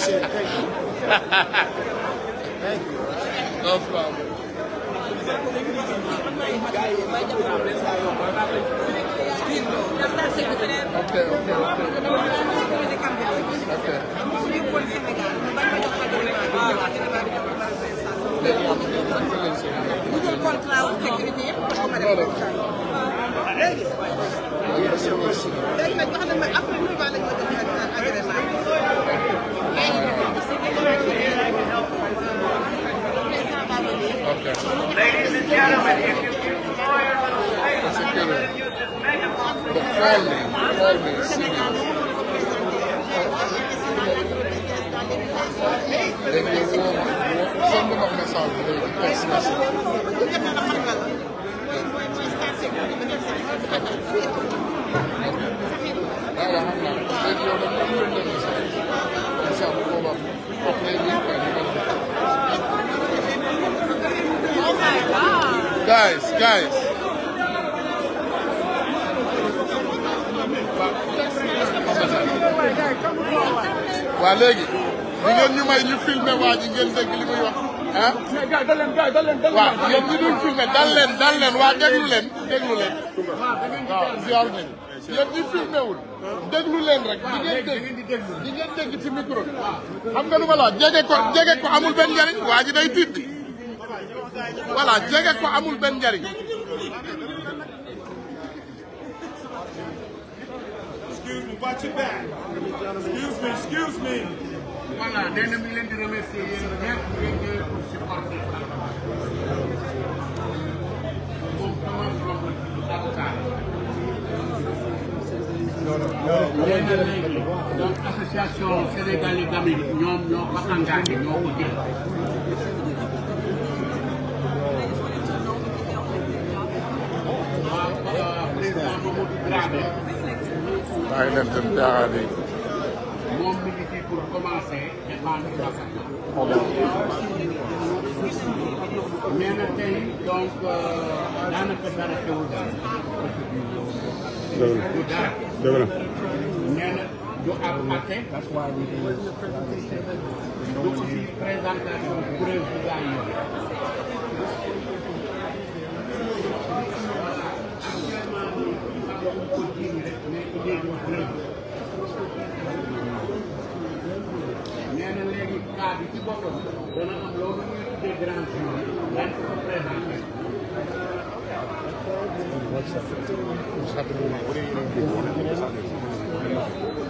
appreciate it. Thank you. Thank you. No problem. Okay, okay, okay. Okay. Okay. Ladies and gentlemen, if you give the lawyer a little space, I'm going to use this megaphone. Oh guys, guys. waa léegi. di ngeen ñu may ñu filmé waa ji ngeen dégg them. muy wax ah. waaw yéen ñi dul filmé dal leen dal leen waa déglu leen déglu leen. waaw ziar nañu. yéen ñi filmé wul déglu nga lu ma la jege ko jege ko amul benn njariñ waa ji day tiit di ko amul benn njariñ léegi léegi donc association sénégalais Gambie ñoom ñoo ko engagé ñoo ko jël. maa ngi leen di dem jaaxal yi. moom mi ngi ci pour commencer défendre Bassam. mais nag tey donc euh, daanaka dara xewul dara. dëgg la dëgg la. até não consigo apresentar com curiosidade ainda. sabe que botou. Dona Amor é de grande, né? Não né? sabe do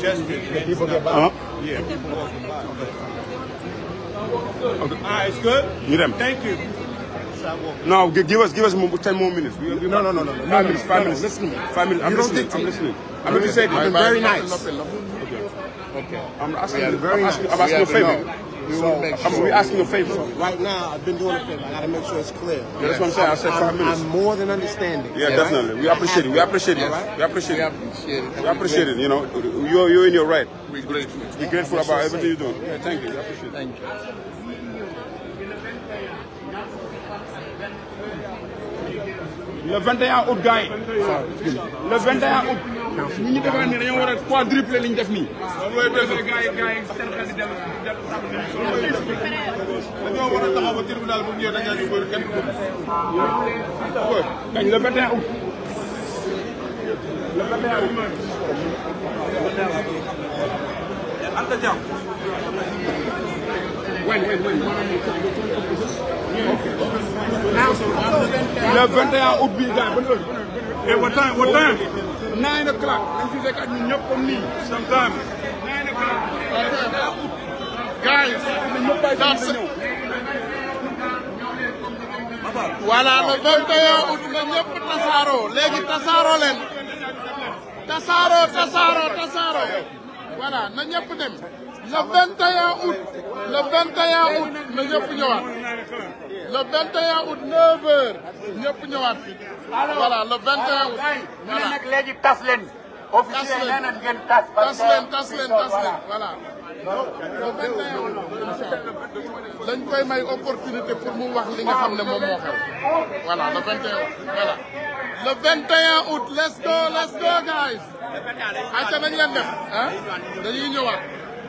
just the people get by. Uh -huh. Yeah, people by. Okay. All right, it's good. You them. Thank you. No, give us give us more, ten more minutes. We, we no, no, no, no, no. Five minutes. Five minutes. Listen Five minutes. I'm you listening. I'm listening. I'm listening. I've been very nice. Okay. Okay. I'm asking. Very nice. I'm asking a favor. We so, make sure. I mean, we're asking a favor. So right now, I've been doing a favor. I got to make sure it's clear. Yeah, that's what I'm saying. I said five minutes. I'm more than understanding. Yeah, right? definitely. We appreciate it. We appreciate it. Right? We appreciate it. We appreciate it. You know, you're, you're in your right. We're grateful. We're grateful about everything you're doing. Yeah, thank you. We appreciate it. Thank you. Le 21 août, guy. Le 21 août. ñun ñu defaat ne dañoo war a quadruple li ñu def nii. loolu mooy gars yi gars yi seen xel di dem dem xam ne dañoo war a taxaw ba tribunal bu ñëwee dañu ñu bëri kenn ku ko. kañ le 21 août. le 21 août. Anta Diaw. wen wen wen. le 21 août bii gars yi ba nine o'clock nañ fi fekk ak tasaaroo léegi tasaaroo tasaaroo tasaaroo tasaaroo. na ñëpp dem. le 21 août. le 21 août na ñëpp ñëwaat. le 21 août 9 ñëpp ñëwaat fi. voilà le 21 août. voilà ñu ne nag na ngeen tas. tas leen tas leen tas leen voilà. le 21 août incha dañ koy may opportunité pour mu wax li nga xam ne moom moo xew. voilà le 21 août voilà. le 21 août let's go let's go guys. ayca nañ leen def ah dañuy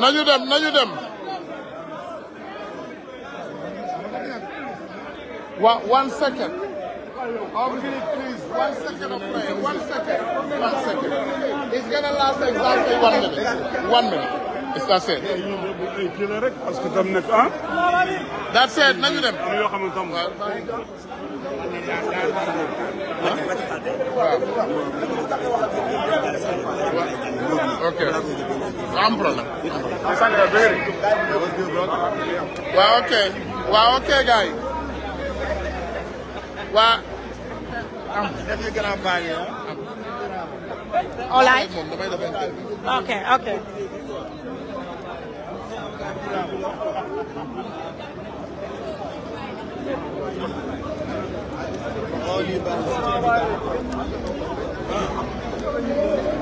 nañu dem nañu dem one second please one second of one second one second it's gonna last exactly one minute one minute that's it that's it ok I'm Well, okay. Well, okay, guys. Well, if you get out here. All right. Okay, okay. Oh, you better.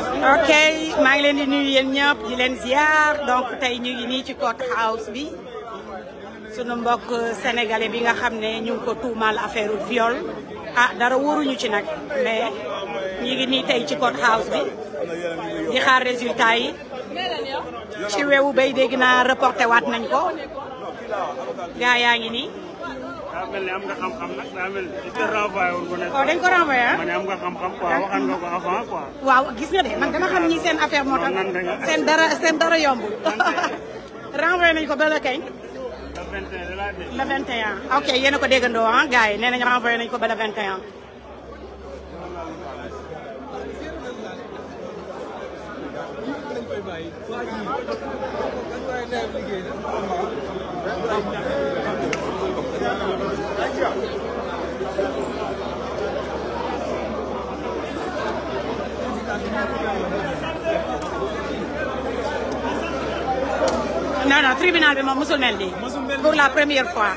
ok maa ngi leen di nuyu yéen ñëpp di leen ziar donc tey ñu gi nii ci court house bi sunu mbok sénégalais bi nga xam ne ñu ngi ko tuumaal affaire viol ah dara wóoruñu ci nag mais ñu ngi nii tey ci court house bi di xaar résultat yi ci weewu bay dégg naa reporté waat nañ ko gaa yaa ngi nii. daa am na xam-xam nag daa mel ni te renvoyé oh, ah? am nga xam-xam quoi waxan nga ko avant quoi. waaw gis nga de man dama xam ñi seen affaire moo tax. seen dara seen dara yomb. renvoyé nañ ko ba la kañ. le 21 ok yéen a ko déggandoo ah gars yi nee nañu renvoyé nañu ko ba le 21. waaw. non non tribunal bi moom musul mel pour la première fois.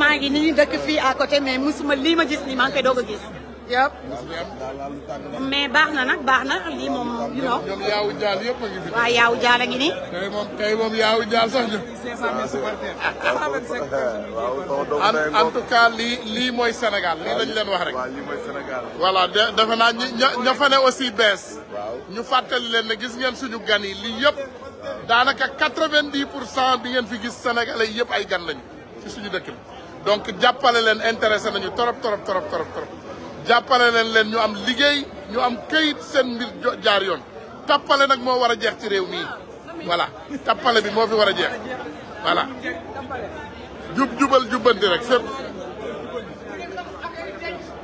maa ngi nii dëkk fii à côté mais musuma lii ma gis nii maa ngi yëpp mais baax na nag baax na you know ñoom yaawu jaal yëpp ngi fi waaw yaawu jaal a ngi nii tey moom tey yaawu jaal sax ñoom en tout cas lii lii mooy Sénégal lii lañ leen wax rek voilà defe naa ña fa ne aussi bees ñu fàttali leen ne gis ngeen suñu gan yi bi ngeen fi gis sénégalais ay gan lañu ci suñu dëkk donc jàppale leen intéressé nañu torop torop torop torop torop jàppale leen leen ñu am liggéey ñu am këyit seen mbir jaar yoon tappale nag moo war a jeex ci réew mii voilà tappale bi moo fi war a jeex voilà jub jubal jubbanti rek sëpp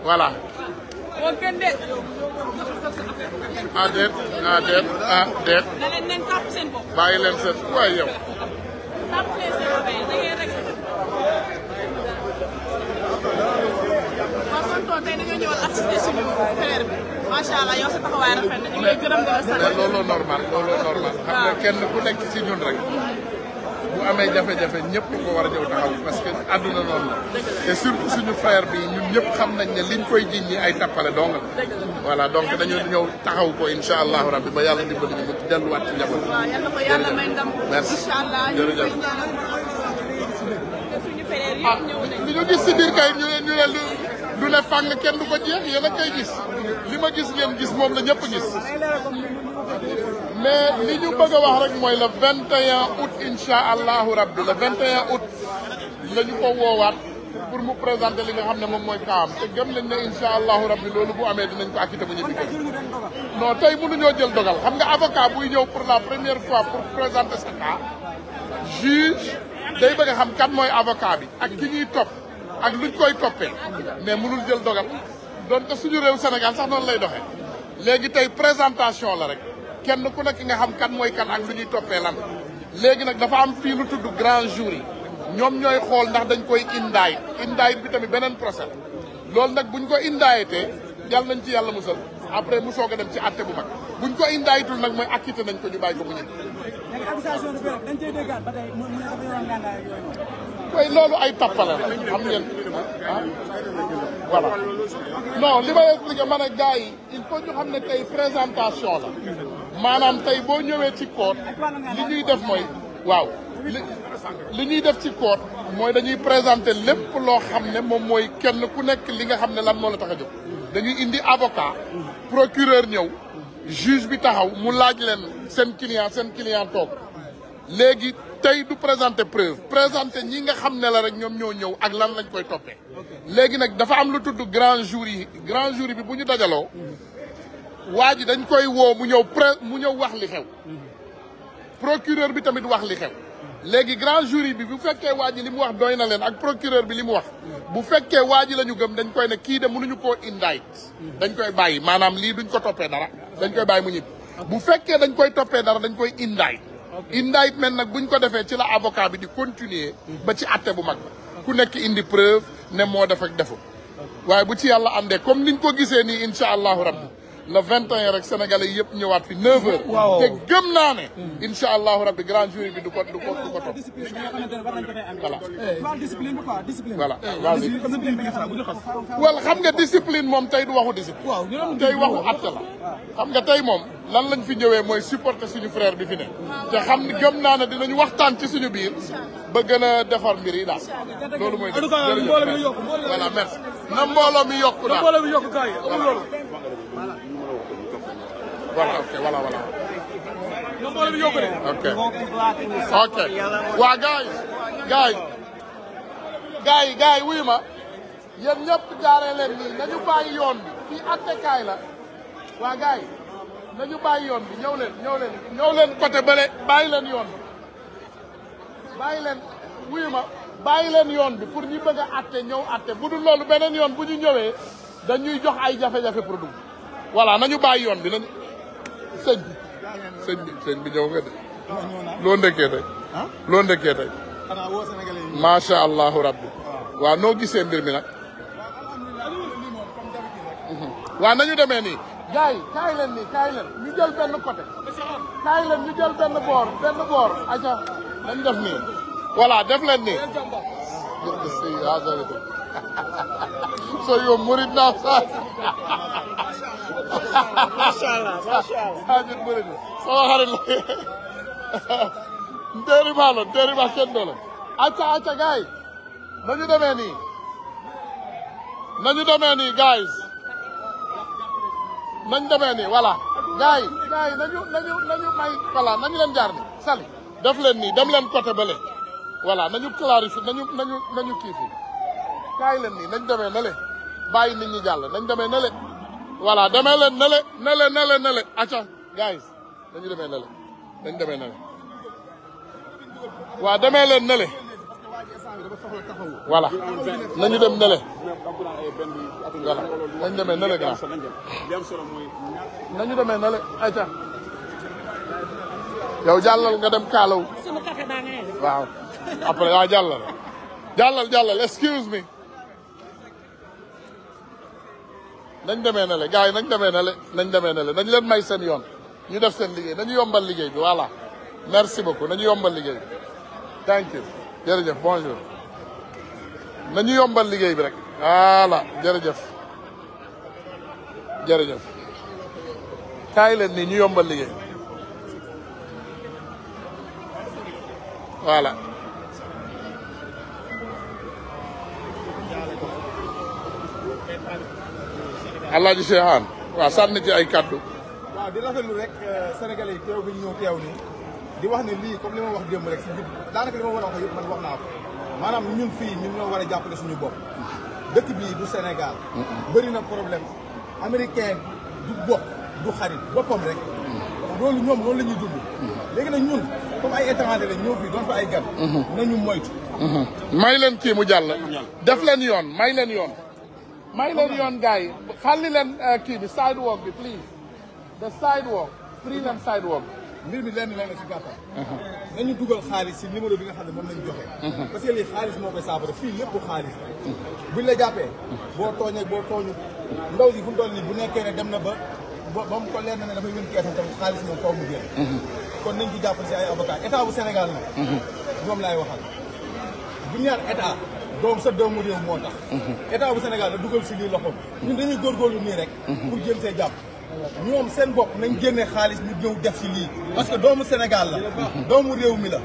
voilà ah déet ah déet ah leen seen waay yow ma bi macha allah yow sa taxawaay rafet na ñu ngi normal loolu normal. xam nga kenn ku nekk ci ñun rek. bu amee jafe-jafe ñëpp ko war a ñëw taxaw parce que adduna noonu la. te surtout suñu frère bi ñun ñëpp xam nañ ne liñ koy jiñ ñi ay tappale dong la. voilà donc dañu ñëw taxaw ko incha allahu rabbi ba yàlla dimbali ba delluwaat ci njaboot. waaw yàlla ko yàlla may ndam. merci jërëjëf merci. suñu frère ah, ñu gis si kay ñu ne ñu du ne fàng kenn du ko jeex yéen a koy gis lima gis ngeen gis mom la ñepp gis mais li ñu bëgg wax rek moy le 21 août insha allah rabbi le 21 août lañu ko wowat pour mu présenter li nga xamne ne moy kaam te gem nañ ne insha allah rabbi lolu bu amé dinañ ko akité bu ñu kër non mu ñu jël dogal xam nga avocat bu ñëw pour la première fois pour présenter sa cas juge day bëgg xam kan moy avocat bi ak ki ñuy top ak luñ koy toppee mais mënul jël dogal donte suñu réew Sénégal sax noonu lay doxee léegi tey présentation la rek kenn ku nekk nga xam kan mooy kan ak lu ñuy toppee lan léegi nag dafa am fii lu tudd grand jury ñoom ñooy xool ndax dañ koy indaay indaay bi tamit beneen procès loolu nag buñ ko indaayetee jàll nañ ci yàlla musal après mu soog a dem ci àtte bu mag buñ ko indaayitul nag mooy acquitté nañ ko ñu bàyyi ko mu ñëpp way loolu ay tappale la voilà non li may expliqué ma ne gars yi il faut ñu xam ne tey présentation la maanaam tey boo ñëwee ci koot li ñuy def mooy waaw li ñuy def ci koot mooy dañuy présenté lépp loo xam ne moom mooy kenn ku nekk li nga xam ne lan moo la tax a jóg dañuy indi avocat procureur ñëw juge bi taxaw mu laaj leen seen client seen client toog léegi tey du présenter preuve présenter ñi nga xam ne la rek ñoom ñoo ñëw ak lan lañ koy toppee. léegi nag dafa am lu tudd grand jury yi grand jury bi bu ñu dajaloo. waa ji dañ koy woo mu ñëw pré mu ñëw wax li xew. procureur bi tamit wax li xew. léegi grand jury bi bu fekkee waa ji li mu wax doy na leen ak procureur bi li mu wax. bu fekkee waa ji la gëm dañ koy ne kii de mënuñu koo indict. dañ koy bàyyi maanaam lii duñ ko toppee dara. dañ koy bàyyi mu ñibbi. bu fekkee dañ koy toppee dara dañ koy indict. indictment nag buñ ko defee ci la avocat bi di continuer ba ci atte bu mag ba ku nekk indi preuve ne moo def ak defu waaye bu ci yàlla àndee comme niñ ko gisee nii incha allahu rabbi le 21 rek sénégalais yëpp ñëwaat fi 9 te gëm naa ne. incha allahu rabbi grand jury bi du ko du ko du ko topp. voilà. Eh, voilà. Eh, xam nga discipline moom tey du waxu discipline. tey waxu at la. xam nga tey moom lan lañ fi ñëwee mooy supporter suñu frère bi fi ne. te xam gëm naa ne dinañ waxtaan ci suñu biir. ba gën a defar mbir yi daal. loolu mooy. jërëjëf voilà merci. na mbooloo mi yokku na mbooloo voilà ok voilà voilà. ok. ok waa gars yi gars yi gars yi gars yi wuyu ma yéen ñëpp jaaree leen nañu bàyyi yoon bi fii attekaay la waa gars yi nañu bàyyi yoon bi ñëw leen ñëw leen ñëw leen côté bële bàyyi leen yoon bi bàyyi leen wuyu ma bàyyi leen yoon bi pour ñu bëgg atte ñëw atte bu dul loolu beneen yoon bu ñu ñëwee dañuy jox ay jafe-jafe pour dugg voilà nañu bàyyi yoon bi nañu sëñ bi sëñ bi sëñ bi ñëw nga de. loo ndekkee ah? allahu rabbi. waaw noo gisee mbir mi nag. Mhm. waaw nañu demee nii. gars yi nii kaay ñu jël benn côté. kaay ñu jël benn boor benn boor. aca nañ def nii. voilà def leen nii. soo yow murit naa macha allah macha allah. ah ñun bëri na sama Ba la acca acca gars nañu demee nii nañu demee nii gars yi nañu demee nii voilà gars yi gars yi nañu nañu may voilà nañu leen jaar nii sali def leen nii dem leen côté bële voilà nañu clarifier nañu nañu nañu kii fii kaay nii nañ demee na le bàyyi nit ñu jàll nañ demee na le voilà demee leen nele nele nele nele acca guys dañu demee nele dañu demee nele waaw demee leen nele voilà dem nele voilà nañu demee nele grand nañu demee nele acca yow jàllal nga dem kaalaw waaw après waaw ah, jàllal jàllal jàllal excuse me nañ demee na le gars yi nañ demee na le nañ demee na le nañ leen may seen yoon ñu def seen liggéey nañu yombal liggéey bi voilà merci beaucoup nañu yombal liggéey bi thank you jërëjëf bonjour nañu yombal liggéey bi rek voilà jërëjëf jërëjëf kaay leen nii ñu yombal liggéey voilà alaaji Seexaan waaw sànni ci ay kàddu waa di lu rek euh, sénégalais yi teew bi ñu ñëw teew nii di wax ne lii comme li ma wax démb rek si jub maanaam ñun fii ñun ñoo war a jàppale suñu bopp dëkk bii du Sénégal bëri na problème américain du bopp du xarit boppam rek loolu ñoom loolu la ñuy dund léegi nag ñun comme ay étranger lañ ñëw fii doon fa ay gan nañu moytu may leen kii mu jàll def leen yoon may leen yoon may leen yoon gars yi xalli leen eh, kii bi sidewalk bi please the sidewalk free leen sidewalk mbir mi lenn lenn ci gàttal. nañu dugal xaalis ci numéro bi nga xam ne moom lañ joxe. Uh-huh. parce que lii xaalis moo koy saafara fii lépp xaalis buñ la jàppee. Uh-huh. boo tooñee boo tooñu ndaw si fu mu toll bu nekkee ne dem na ba ba mu ko leen na ne dafay wén keesam tamit xaalis moom faw mu uh-huh. kon nañ ci jàppale ci ay avocat état bu Sénégal nag. ñoom laay waxal bu ñaar état. doom sa doomu réew moo tax. état bu Sénégal la dugal si lii loxoom. ñun dañuy góorgóorlu nii rek. pour jéem see jàpp. ñoom seen bopp nañ génne xaalis ñu ñëw def si lii. parce que doomu Sénégal la. doomu réew mi la.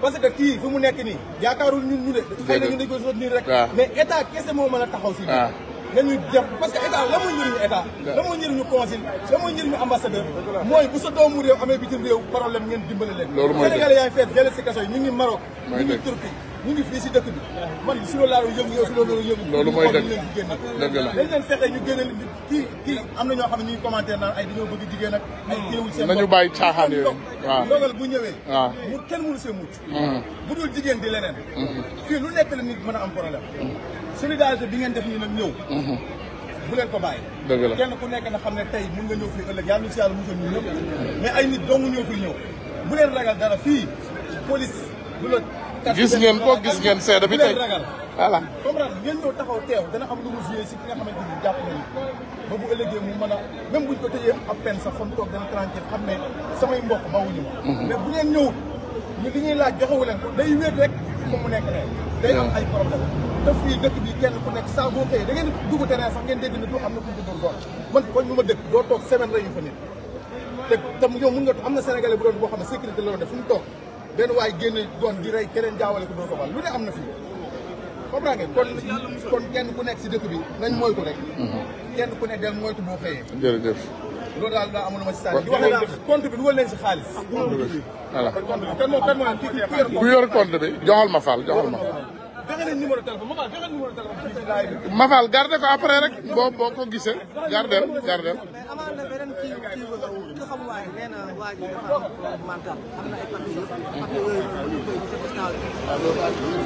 parce que kii fi mu nekk nii yaakaarul ñun ñu de. xëy na ñun dañ koy sot nii rek. mais état kese moo mën a taxaw si lii. nañu def parce que état la mooy njëriñu état la mooy njëriñu consul la mooy njëriñu ambassadeur mooy bu sa doomu réew amee bitim réew problème ngeen dimbale leen Sénégal yaay feet jële si kaso yi ñu ngi Maroc ñu ngi Turquie ñu ngi fii si dëkk bi man su loolu laa doon yëngu loolu mooy dëgg la dañ leen fexe ñu génne kii kii am na ñoo xam ne ñuy commentaire naan ay dañoo bëgg jigéen ak nañu bàyyi caaxaan yooyu bu ñëwee waaw mu kenn mënu see mucc mm-hmm. bu dul jigéen di leneen mm-hmm. fii lu nekk la nit mën a am problème mm-hmm. solidarité bi ngeen def nii nag ñëw bu leen ko bàyyi dëgg la kenn ku nekk na xam ne tey mën nga ñëw fii ëllëg yàlla ñu si yàlla musal ñu ñëpp mais ay nit dong ñëw gis ngeen ko gis ngeen seede bi tey voilà. comprendre ngeen ñoo taxaw teew dana am lu mu joué si ki nga xamante ni jàpp nañu ba bu ëllëgee mu mën a même buñ ko tëjee ab peine sax fa mu toog dana tranquille xam ne samay mbokk bawuñu ma. Mhm. mais bu ngeen ñëwut ñu li ñuy laaj joxewu leen ko day wéet rek comme mu nekk ne day am ay problème te fii dëkk bi kenn ku nekk saa boo xëyee da ngeen dugg terrain sax ngeen dégg ne du am na ku ñu doon doon man koñ bu ma dëkk doo toog semaine rek ñu fa nit te tam yow mën nga am na sénégalais bu doon boo xam ne sécurité la doon def fu mu toog benn waay génn doon di rey keneen jaawale ko doon ko bal lu ne am na fii comprends ngeen kenn ku nekk si dëkk bi nañ moytu rek mhm. kenn ku nekk del moytu boo xëyee jërëjëf loolu na ma si compte bi dugal leen ah, si joxal ma Fall joxal ma Mafal garde ko après rek boo boo ko gisee gardel gardel xam waa ji nee na waa ji dafa am mental am na ay papiers papiers yooyu noonu ñu koy gisee postal bi. loolu waa ji moom ñu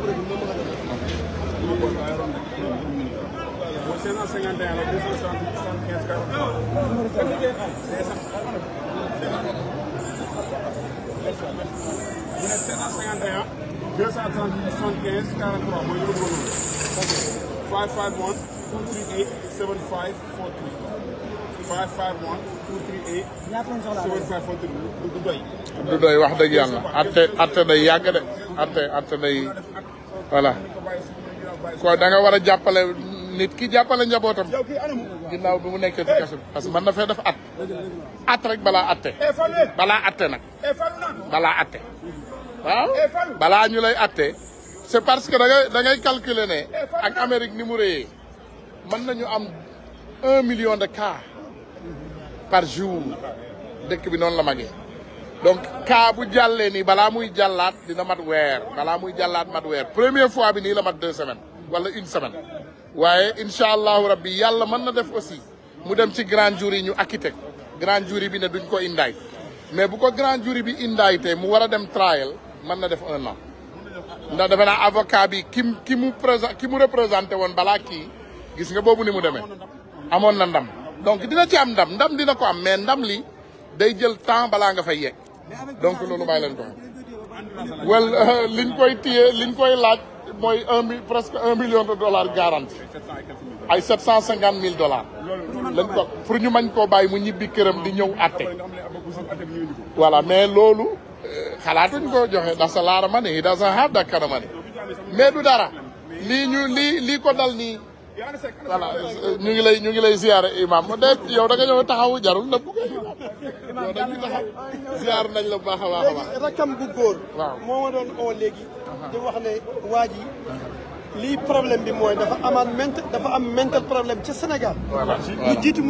koy moom la def. Ah, mooy 551 la 275 43. 275 43 mooy 551. 238 du doy. wax dëgg yàlla atte atte day yàgg de atte atte day voilà ko da nga war a jàppale nit ki jàppale njabootam ginnaaw bi mu nekke ci parce que mën na fee def at at rek balaa atte eh, balaa atte nag eh, balaa atte waaw eh, balaa ñu lay atte c'est parce que da ngay da ngay calculer ne ak Amérique ni mu réyee mën nañu am un million de cas par jour dëkk bi noonu la magee donc cas bu jàllee nii balaa muy jàllaat dina mat weer balaa muy jàllaat mat weer première fois bi nii la mat deux semaines wala une semaine waaye incha allahu rabbi yàlla mën na def aussi mu dem ci grand jury ñu acquitté ko grand jury bi ne duñ ko indaay mais bu ko grand jury bi indaay te mu war a dem trial man na def un an ndax defe naa avocat bi ki ki mu présent ki mu représenté woon balaa kii gis nga bobu ni mu demé amon na ndam donc dina ci am ndam ndam dina ko am mais ndam li day jël temps bala nga fay yegg donc lolu bay leen ko wel liñ koy téye liñ koy laaj moy 1 presque 1 million de dollars garantie ay 750000 dollars lañ ko pour ñu mañ ko bay mu ñibi kërëm di ñëw atté voilà mais lolu euh, xalaatuñ ko joxe da sa laara mané da he doesn't da that mané mais du dara li ñu li li ko dal ni voilà ñu ngi lay ñu ngi lay ziare imam déet yow da nga ñëw taxaw jarul na bu yow da nga taxaw ziar nañ la bu baax a baax a baax rakam bu góor waaw moo ma doon oo léegi di wax ne waa ji lii problème bi mooy dafa amaat ment dafa am mental problème ci Sénégal lu jiitu